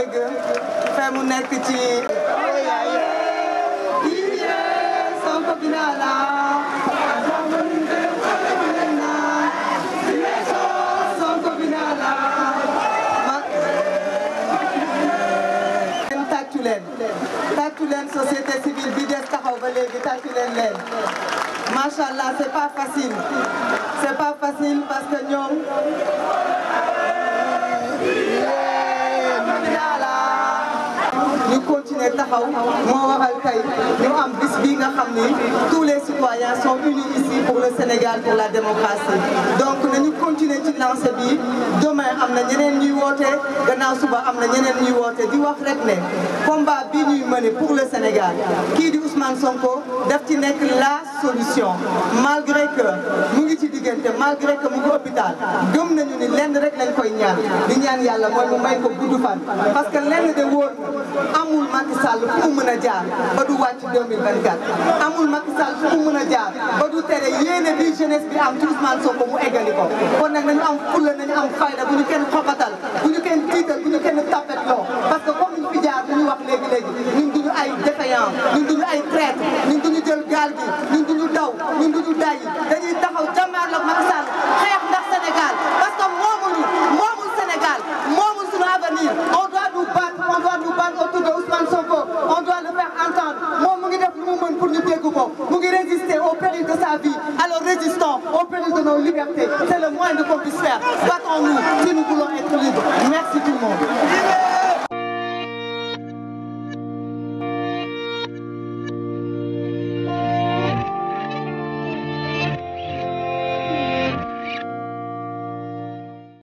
dëgg fe mu nekk ci tàccu leen société civile bi des taxaw ba léegi tàccu leen leen macha allah c'est pas facile c'est pas facile parce que ñoom ñu continuer taxaw moo waral tey ñu am bis bi nga xam ni tous les citoyens sont unis Sénégal pour la démocratie donc nañu continuer ci lancé bi demain am na ñeneen ñuy woote gannaaw suba am na ñeneen ñuy woote di wax rek ne combat bi ñuy mëne pour le Sénégal kii di Ousmane Sonko daf ci nekk la solution malgré que mu ngi ci diggante malgré que mu ngi hôpital gëm nañu ni lenn rek lañ koy ñaan di ñaan yàlla mooy mu may ko gudd fan parce que lenn de wóor amul Macky Sall fu mu mën a jaar ba du wàcc 2024 amul Macky Sall fu mu mën a jaar ba du tere yéene bii jeunesse bi am ci Ousmane mu eggali ko nañu am fulla nañu am fayda bu kenn xoqatal bu kenn tiital bu kenn tapet loo parce que comme ñu wax léegi léegi ñun duñu ay défaillant ñun duñu ay traître ñun duñu jël gaal duñu daw ñun duñu dayi péril de sa vie. Alors résistons au péril de nos libertés. C'est le moins de qu'on puisse faire. nous si nous voulons être libres. Merci